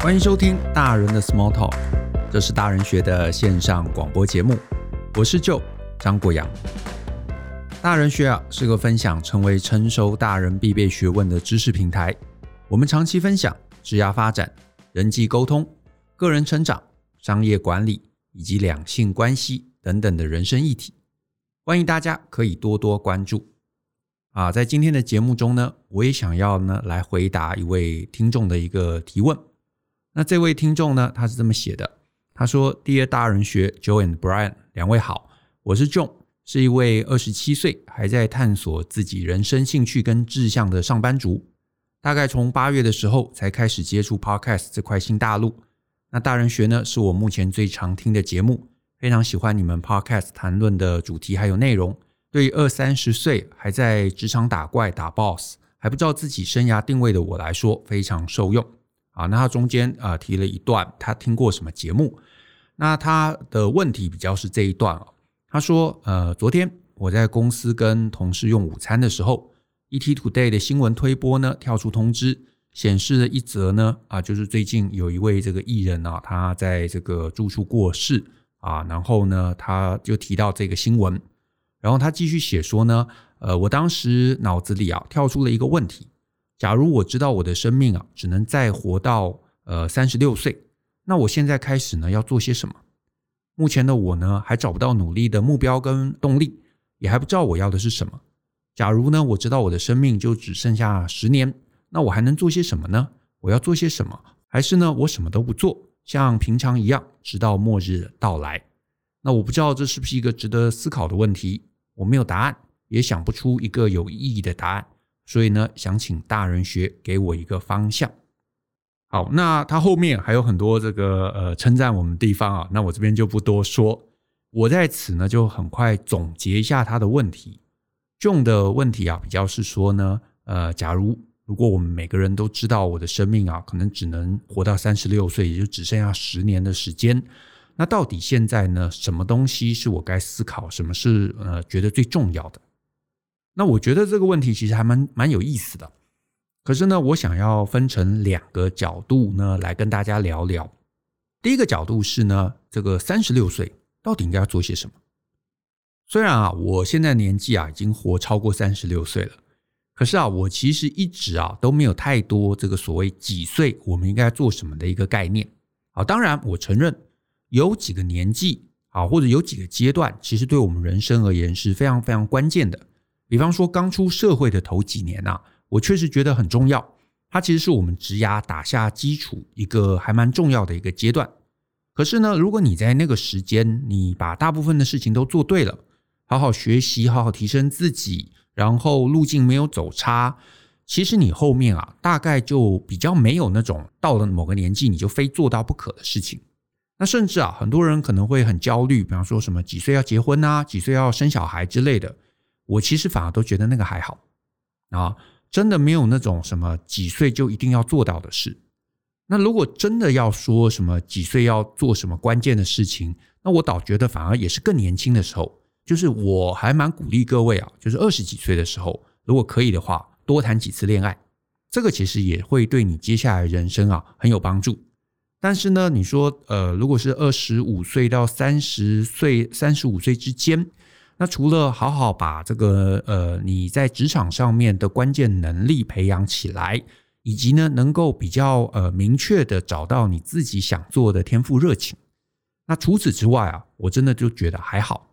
歡迎收聽《大人的 small talk》，這是大人學的線上廣播節目。我是 Joe，張國洋。大人學啊是個分享成為成熟大人必備學問的知識平台。我們長期分享職業發展、人際溝通、個人成長、商業管理以及兩性關係等等的人生議題。歡迎大家可以多多關注啊！在今天的節目中呢，我也想要呢來回答一位聽眾的一個提問。那這位聽眾呢，他是這麼寫的：“他說，Dear 大人學 Joe and Brian 兩位好，我是 Joan 是一位二十七歲還在探索自己人生興趣跟志向的上班族。大概從八月的時候才開始接觸 Podcast 這塊新大陸。那大人學呢，是我目前最常聽的節目，非常喜歡你們 Podcast 談論的主題還有內容。對於二三十歲還在職場打怪打 Boss 還不知道自己生涯定位的我來說，非常受用。”啊，那他中間啊提了一段，他聽過什麼節目？那他的問題比較是這一段，他說：呃，昨天我在公司跟同事用午餐的時候，ET Today 的新聞推播呢跳出通知，顯示了一則呢啊，就是最近有一位這個藝人啊，他在這個住處過世啊。然後呢，他就提到這個新聞，然後他繼續寫說呢：呃，我當時腦子裡啊跳出了一個問題。假如我知道我的生命啊，只能再活到呃三十六歲，那我現在開始呢要做些什麼？目前的我呢，還找不到努力的目標跟動力，也還不知道我要的是什麼。假如呢，我知道我的生命就只剩下十年，那我還能做些什麼呢？我要做些什麼？還是呢，我什麼都不做，像平常一樣，直到末日到來？那我不知道這是不是一個值得思考的問題？我沒有答案，也想不出一個有意義的答案。所以呢，想請大人學給我一個方向。好，那他後面還有很多這個呃稱讚我們的地方啊，那我這邊就不多說。我在此呢就很快總結一下他的問題。這種的問題啊，比較是說呢，呃，假如如果我們每個人都知道我的生命啊，可能只能活到三十六歲，也就只剩下十年的時間，那到底現在呢，什麼東西是我該思考，什麼是呃覺得最重要的？那我覺得這個問題其實還蠻蠻有意思的，可是呢，我想要分成兩個角度呢來跟大家聊聊。第一個角度是呢，這個三十六歲到底應該要做些什麼？雖然啊，我現在年紀啊已經活超過三十六歲了，可是啊，我其實一直啊都沒有太多這個所謂幾歲我們應該做什麼的一個概念。啊，當然我承認有幾個年紀啊，或者有幾個階段，其實對我們人生而言是非常非常關鍵的。比方說，剛出社會的頭幾年啊，我確實覺得很重要。它其實是我們職涯打下基礎一個還蠻重要的一個階段。可是呢，如果你在那個時間，你把大部分的事情都做對了，好好學習，好好提升自己，然後路徑沒有走差，其實你後面啊，大概就比較沒有那種到了某個年紀你就非做到不可的事情。那甚至啊，很多人可能會很焦慮，比方說什麼幾歲要結婚啊，幾歲要生小孩之類的。我其實反而都覺得那個還好啊，真的沒有那種什麼幾歲就一定要做到的事。那如果真的要說什麼幾歲要做什麼關鍵的事情，那我倒覺得反而也是更年輕的時候。就是我還蠻鼓勵各位啊，就是二十幾歲的時候，如果可以的話，多談幾次戀愛，這個其實也會對你接下來人生啊很有幫助。但是呢，你說呃，如果是二十五歲到三十歲、三十五歲之間，那除了好好把這個呃你在職場上面的關鍵能力培養起來，以及呢能夠比較呃明確的找到你自己想做的天賦熱情，那除此之外啊，我真的就覺得還好。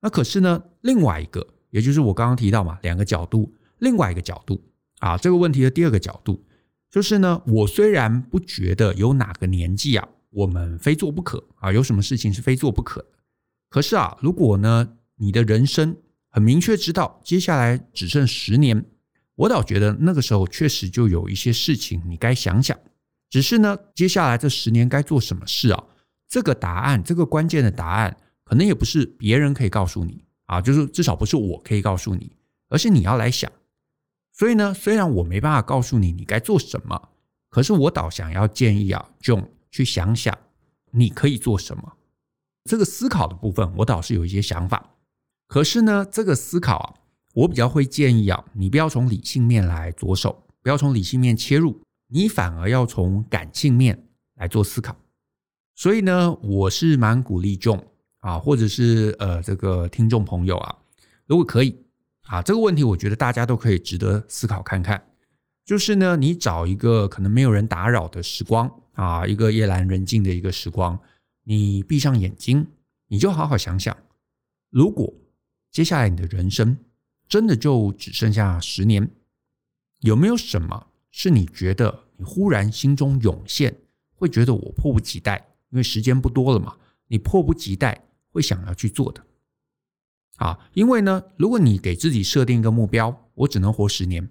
那可是呢，另外一個也就是我剛剛提到嘛，兩個角度，另外一個角度啊，這個問題的第二個角度就是呢，我雖然不覺得有哪個年紀啊，我們非做不可啊，有什麼事情是非做不可的。可是啊，如果呢，你的人生很明確，知道接下來只剩十年。我倒覺得那個時候確實就有一些事情你該想想。只是呢，接下來這十年該做什麼事啊？這個答案，這個關鍵的答案，可能也不是別人可以告訴你啊，就是至少不是我可以告訴你，而是你要來想。所以呢，雖然我沒辦法告訴你你該做什麼，可是我倒想要建議啊，就去想想你可以做什麼。這個思考的部分，我倒是有一些想法。可是呢，這個思考啊，我比較會建議啊，你不要從理性面來着手，不要從理性面切入，你反而要從感性面來做思考。所以呢，我是蠻鼓勵 Joan 啊，或者是呃這個聽眾朋友啊，如果可以啊，這個問題我覺得大家都可以值得思考看看。就是呢，你找一個可能沒有人打擾的時光啊，一個夜闌人靜的一個時光，你閉上眼睛，你就好好想想，如果，接下來你的人生真的就只剩下十年，有沒有什麼是你覺得你忽然心中湧現，會覺得我迫不及待，因為時間不多了嘛？你迫不及待會想要去做的。啊，因為呢，如果你給自己設定一個目標，我只能活十年，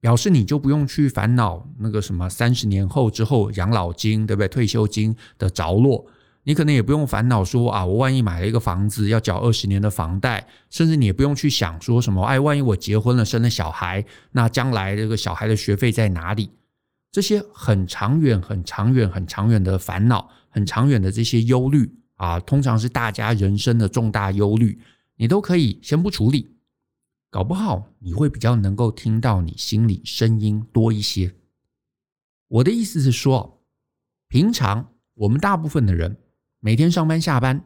表示你就不用去煩惱那個什麼三十年後之後養老金，對不對？退休金的着落。你可能也不用煩惱說啊，我萬一買了一個房子要繳二十年的房貸，甚至你也不用去想說什麼，哎，萬一我結婚了生了小孩，那將來這個小孩的學費在哪裡？這些很長遠、很長遠、很長遠的煩惱、很長遠的這些憂慮啊，通常是大家人生的重大憂慮，你都可以先不處理，搞不好你會比較能夠聽到你心裡聲音多一些。我的意思是說，平常我們大部分的人。每天上班下班，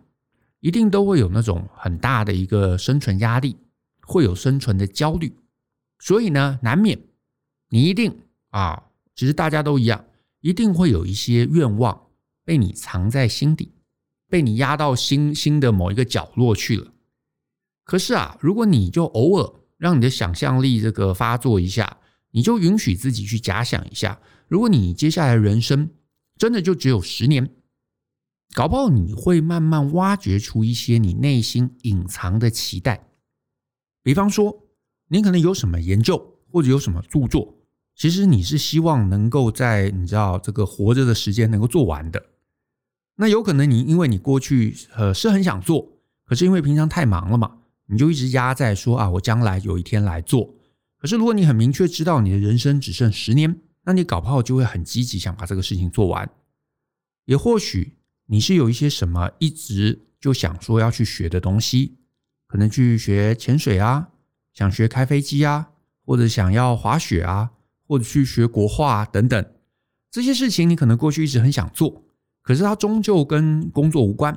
一定都會有那種很大的一個生存壓力，會有生存的焦慮，所以呢，難免你一定啊，其實大家都一樣，一定會有一些願望被你藏在心底，被你壓到心心的某一個角落去了。可是啊，如果你就偶爾讓你的想象力這個發作一下，你就允許自己去假想一下，如果你接下來的人生真的就只有十年。搞不好你會慢慢挖掘出一些你內心隱藏的期待，比方說你可能有什麼研究或者有什麼著作，其實你是希望能夠在你知道這個活着的時間能夠做完的。那有可能你因為你過去呃是很想做，可是因為平常太忙了嘛，你就一直壓在說，啊我將來有一天來做。可是如果你很明確知道你的人生只剩十年，那你搞不好就會很積極想把這個事情做完，也或許。你是有一些什麼一直就想說要去學的東西，可能去學潛水啊，想學開飛機啊，或者想要滑雪啊，或者去學國畫啊，等等，這些事情，你可能過去一直很想做，可是它終究跟工作無關，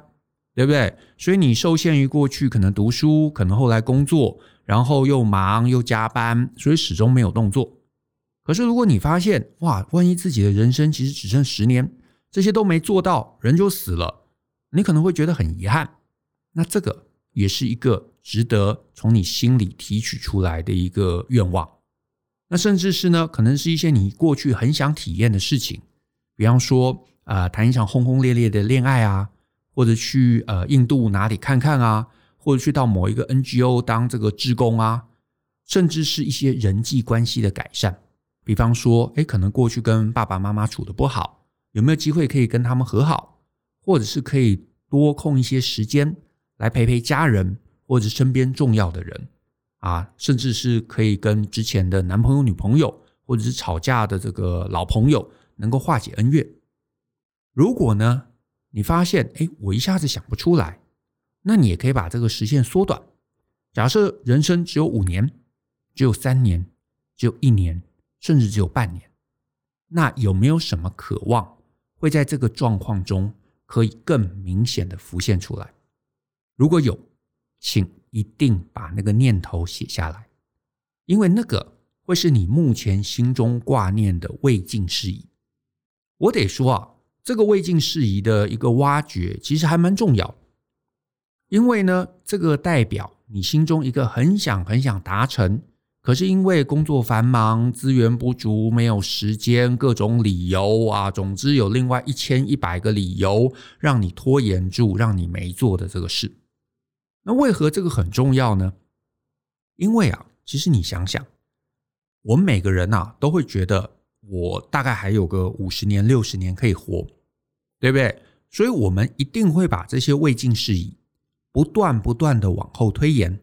對不對？所以你受限於過去，可能讀書，可能後來工作，然後又忙又加班，所以始終沒有動作。可是如果你發現，哇，萬一自己的人生其實只剩十年。這些都沒做到，人就死了。你可能會覺得很遺憾。那這個也是一個值得從你心裡提取出來的一個願望。那甚至是呢，可能是一些你過去很想體驗的事情，比方說，呃，談一場轟轟烈烈的戀愛啊，或者去呃印度哪裡看看啊，或者去到某一個 NGO 當這個志工啊，甚至是一些人際關係的改善。比方說，哎，可能過去跟爸爸媽媽處的不好，有沒有機會可以跟他們和好，或者是可以多空一些時間來陪陪家人或者身邊重要的人啊？甚至是可以跟之前的男朋友、女朋友，或者是吵架的這個老朋友，能夠化解恩怨。如果呢，你發現哎，我一下子想不出來，那你也可以把這個時限縮短。假設人生只有五年，只有三年，只有一年，甚至只有半年，那有沒有什麼渴望？會在這個狀況中可以更明顯的浮現出來。如果有，請一定把那個念頭寫下來，因為那個會是你目前心中掛念的未盡事宜。我得說啊，這個未盡事宜的一個挖掘其實還蠻重要，因為呢，這個代表你心中一個很想很想達成。可是因為工作繁忙、資源不足、沒有時間、各種理由啊，總之有另外一千一百個理由，讓你拖延住，讓你沒做的這個事。那為何這個很重要呢？因為啊，其實你想想，我們每個人吶、啊、都會覺得我大概還有個五十年、六十年可以活，對不對？所以我們一定會把這些未盡事宜不斷不斷地往後推延，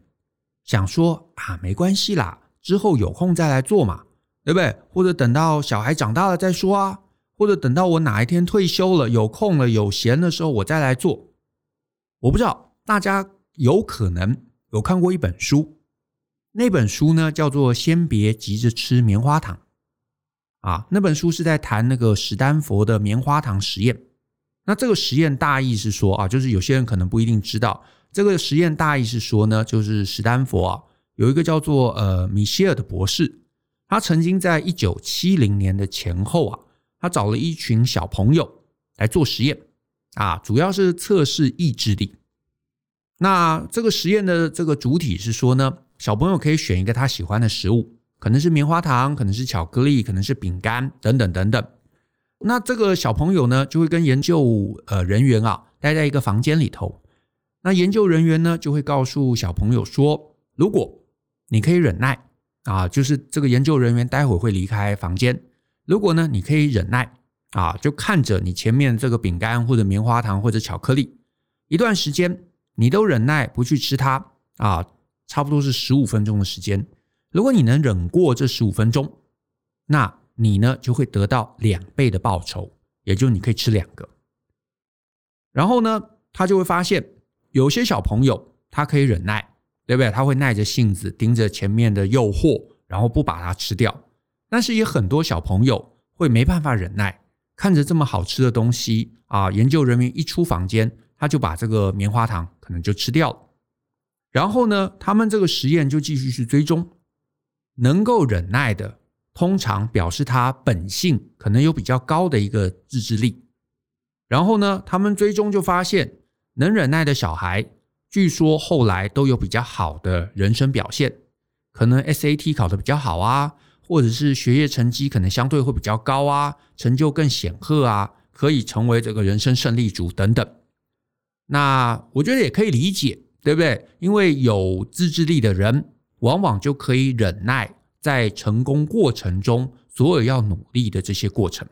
想說啊，沒關係啦。之後有空再來做嘛，對不對？或者等到小孩長大了再說啊，或者等到我哪一天退休了，有空了，有閒的時候我再來做。我不知道大家有可能有看過一本書，那本書呢叫做《先別急着吃棉花糖》啊，那本書是在談那個史丹佛的棉花糖實驗。那這個實驗大意是說啊，就是有些人可能不一定知道，這個實驗大意是說呢，就是史丹佛啊。有一個叫做呃米歇爾的博士，他曾經在一九七零年的前後啊，他找了一群小朋友來做實驗啊，主要是測試意志力。那這個實驗的這個主體是說呢，小朋友可以選一個他喜歡的食物，可能是棉花糖，可能是巧克力，可能是餅乾等等等等。那這個小朋友呢，就會跟研究呃人員啊待在一個房間裡頭。那研究人員呢，就會告訴小朋友說，如果你可以忍耐啊，就是這個研究人員待會會離開房間。如果呢，你可以忍耐啊，就看着你前面這個餅乾或者棉花糖或者巧克力，一段時間你都忍耐不去吃它啊，差不多是十五分鐘的時間。如果你能忍過這十五分鐘，那你呢就會得到兩倍的報酬，也就是你可以吃兩個。然後呢，他就會發現有些小朋友他可以忍耐。對不對？他會耐着性子盯着前面的誘惑，然後不把它吃掉。但是也很多小朋友會沒辦法忍耐，看着這麼好吃的東西啊，研究人員一出房間，他就把這個棉花糖可能就吃掉了。然後呢，他們這個實驗就繼續去追蹤，能夠忍耐的，通常表示他本性可能有比較高的一個自制力。然後呢，他們追蹤就發現，能忍耐的小孩，據說後來都有比較好的人生表現，可能 SAT 考得比較好啊，或者是學業成績可能相對會比較高啊，成就更顯赫啊，可以成為這個人生勝利組等等。那我覺得也可以理解，對不對？因為有自制力的人，往往就可以忍耐在成功過程中所有要努力的這些過程。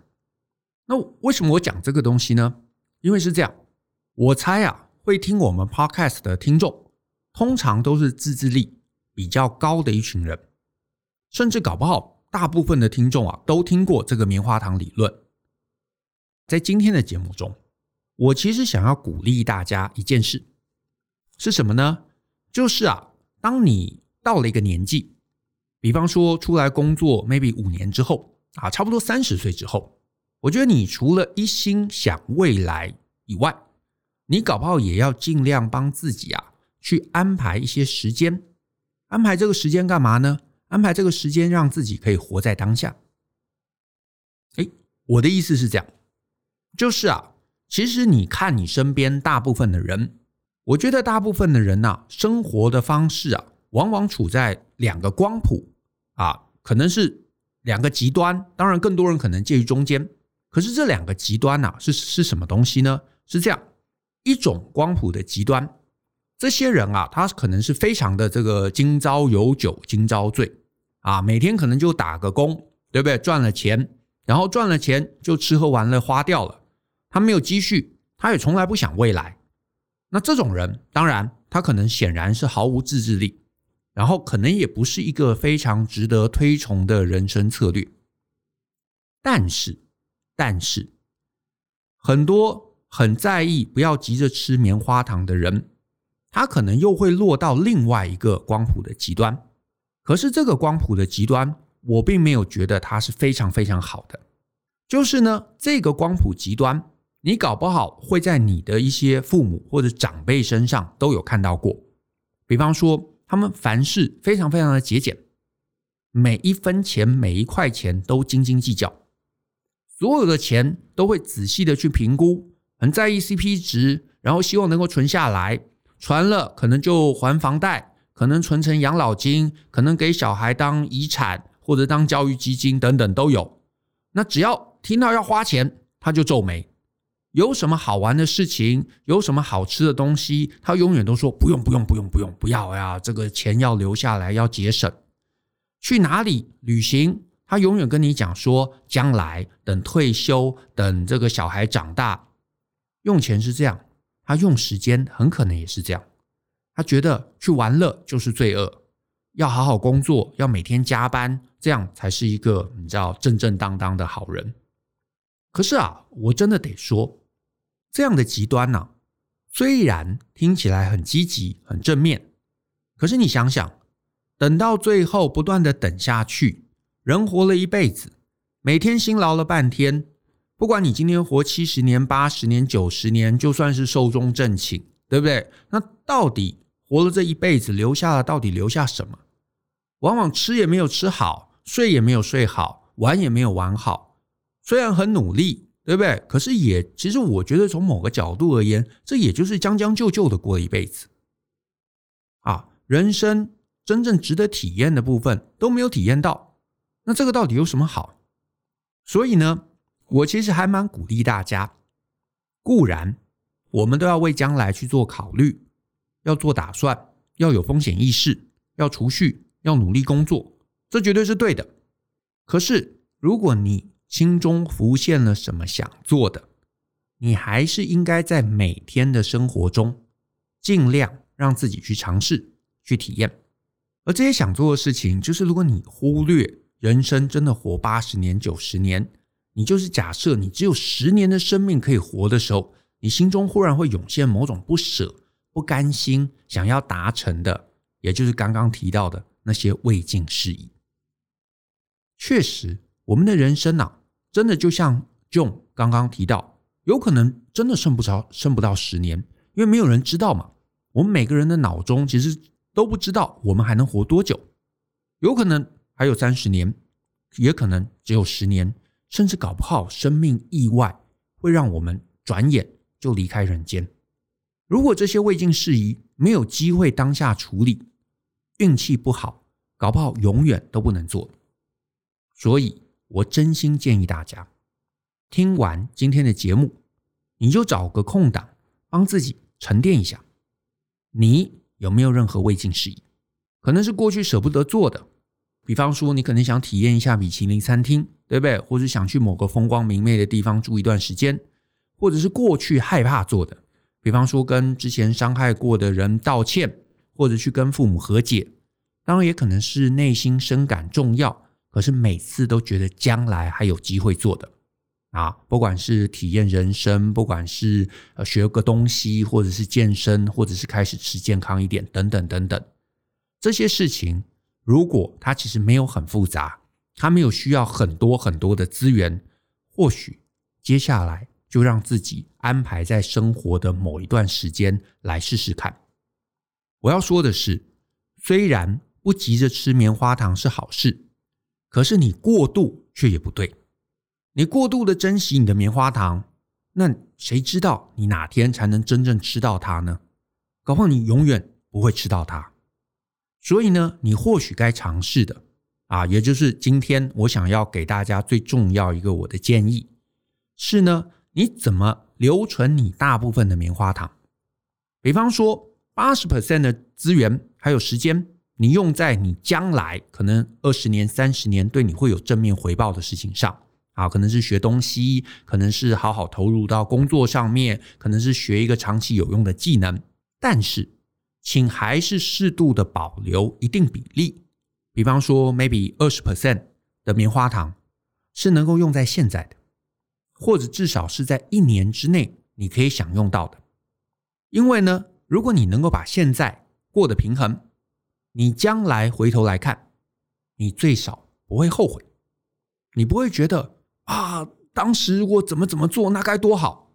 那為什麼我講這個東西呢？因為是這樣，我猜啊。會聽我們 podcast 的聽眾，通常都是自制力比較高的一群人，甚至搞不好，大部分的聽眾啊，都聽過這個棉花糖理論。在今天的節目中，我其實想要鼓勵大家一件事，是什麼呢？就是啊，當你到了一個年紀，比方說出來工作 maybe 五年之後啊，差不多三十歲之後，我覺得你除了一心想未來以外，你搞不好也要盡量幫自己啊，去安排一些時間，安排這個時間幹嘛呢？安排這個時間讓自己可以活在當下。哎，我的意思是這樣，就是啊，其實你看你身邊大部分的人，我覺得大部分的人吶，生活的方式啊，往往處在兩個光譜啊，可能是兩個極端，當然更多人可能介於中間。可是這兩個極端吶，是是什麼東西呢？是這樣。一種光譜的極端，這些人啊，他可能是非常的這個今朝有酒今朝醉啊,每天可能就打個工，對不對？賺了錢，然後賺了錢就吃喝玩樂花掉了，他沒有積蓄，他也從來不想未來。那這種人，當然他可能顯然是毫無自制力，然後可能也不是一個非常值得推崇的人生策略。但是，但是很多。很在意不要急着吃棉花糖的人，他可能又會落到另外一個光譜的極端。可是這個光譜的極端，我並沒有覺得它是非常非常好的。就是呢，這個光譜極端，你搞不好會在你的一些父母或者長輩身上都有看到過。比方說，他們凡事非常非常的節儉，每一分錢每一塊錢都斤斤計較，所有的錢都會仔細的去評估。很在意 CP 值，然後希望能夠存下來，存了可能就還房貸，可能存成養老金，可能給小孩當遺產或者當教育基金等等都有。那只要聽到要花錢，他就皺眉。有什麼好玩的事情，有什麼好吃的東西，他永遠都說不用不用不用不用不要呀、啊，這個錢要留下來，要節省。去哪裡旅行，他永遠跟你講說，將來等退休，等這個小孩長大。用錢是這樣，他用時間很可能也是這樣。他覺得去玩樂就是罪惡，要好好工作，要每天加班，這樣才是一個你知道正正當當的好人。可是啊，我真的得說，這樣的極端呢、啊，雖然聽起來很積極、很正面，可是你想想，等到最後不斷的等下去，人活了一輩子，每天辛勞了半天。不管你今天活七十年、八十年、九十年，就算是壽終正寢，對不對？那到底活了這一輩子，留下了，到底留下什麼？往往吃也沒有吃好，睡也沒有睡好，玩也沒有玩好。雖然很努力，對不對？可是也，其實我覺得從某個角度而言，這也就是將將就就的過一輩子啊。人生真正值得體驗的部分都沒有體驗到，那這個到底有什麼好？所以呢，我其實還蠻鼓勵大家，固然，我們都要為將來去做考慮，要做打算，要有風險意識，要儲蓄，要努力工作，這絕對是對的。可是，如果你心中浮現了什麼想做的，你還是應該在每天的生活中，盡量讓自己去嘗試、去體驗。而這些想做的事情，就是如果你忽略人生真的活八十年、九十年。你就是假設你只有十年的生命可以活的時候，你心中忽然會湧現某種不捨、不甘心，想要達成的，也就是剛剛提到的那些未盡事宜。確實，我們的人生啊，真的就像 Joe 剛剛提到，有可能真的剩不着，剩不到十年，因為沒有人知道嘛。我們每個人的腦中其實都不知道我們還能活多久，有可能還有三十年，也可能只有十年。甚至搞不好，生命意外會讓我們轉眼就離開人間。如果這些未盡事宜沒有機會當下處理，運氣不好，搞不好永遠都不能做。所以，我真心建議大家，聽完今天的節目，你就找個空檔，幫自己沉澱一下。你有沒有任何未盡事宜？可能是過去捨不得做的。比方說，你可能想體驗一下米其林餐廳，對不對？或者想去某個風光明媚的地方住一段時間，或者是過去害怕做的，比方說跟之前傷害過的人道歉，或者去跟父母和解。當然也可能是內心深感重要，可是每次都覺得將來還有機會做的。啊，不管是體驗人生，不管是呃學個東西，或者是健身，或者是開始吃健康一點，等等等等，這些事情。如果它其實沒有很複雜，它沒有需要很多很多的資源，或許接下來就讓自己安排在生活的某一段時間來試試看。我要說的是，雖然不急着吃棉花糖是好事，可是你過度卻也不對。你過度的珍惜你的棉花糖，那誰知道你哪天才能真正吃到它呢？搞不好你永遠不會吃到它。所以呢，你或許該嘗試的啊，也就是今天我想要給大家最重要一個我的建議是呢，你怎麼留存你大部分的棉花糖？比方說，八十 percent 的資源還有時間，你用在你將來可能二十年、三十年對你會有正面回報的事情上啊，可能是學東西，可能是好好投入到工作上面，可能是學一個長期有用的技能，但是。請還是適度的保留一定比例，比方說 maybe 二十 percent 的棉花糖是能夠用在現在的，或者至少是在一年之內你可以享用到的。因為呢，如果你能夠把現在過得平衡，你將來回頭來看，你最少不會後悔，你不會覺得啊，當時我怎麼怎麼做，那該多好。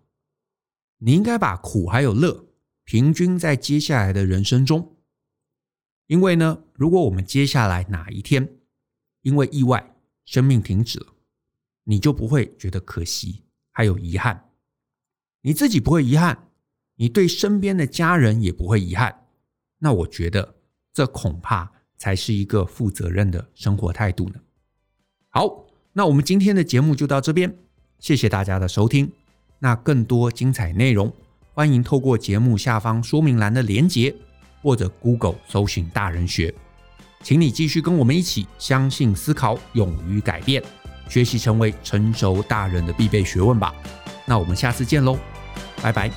你應該把苦還有樂。平均在接下來的人生中，因為呢，如果我們接下來哪一天因為意外生命停止了，你就不會覺得可惜，還有遺憾，你自己不會遺憾，你對身邊的家人也不會遺憾，那我覺得這恐怕才是一個負責任的生活態度呢。好，那我們今天的節目就到這邊，謝謝大家的收聽，那更多精彩內容。歡迎透過節目下方說明欄的連結，或者 Google 搜尋“大人學”。請你繼續跟我們一起，相信、思考、勇於改變，學習成為成熟大人的必備學問吧。那我們下次見嘍，拜拜。